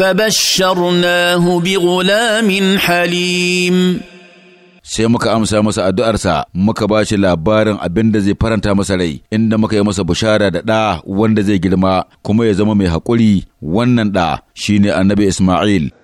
فبشرناه بغلام حليم sai muka amsa masa addu'arsa muka ba shi labarin abin da zai faranta masa rai inda muka yi masa bushara da ɗa wanda zai girma kuma ya zama mai haƙuri wannan ɗa shine annabi Ismail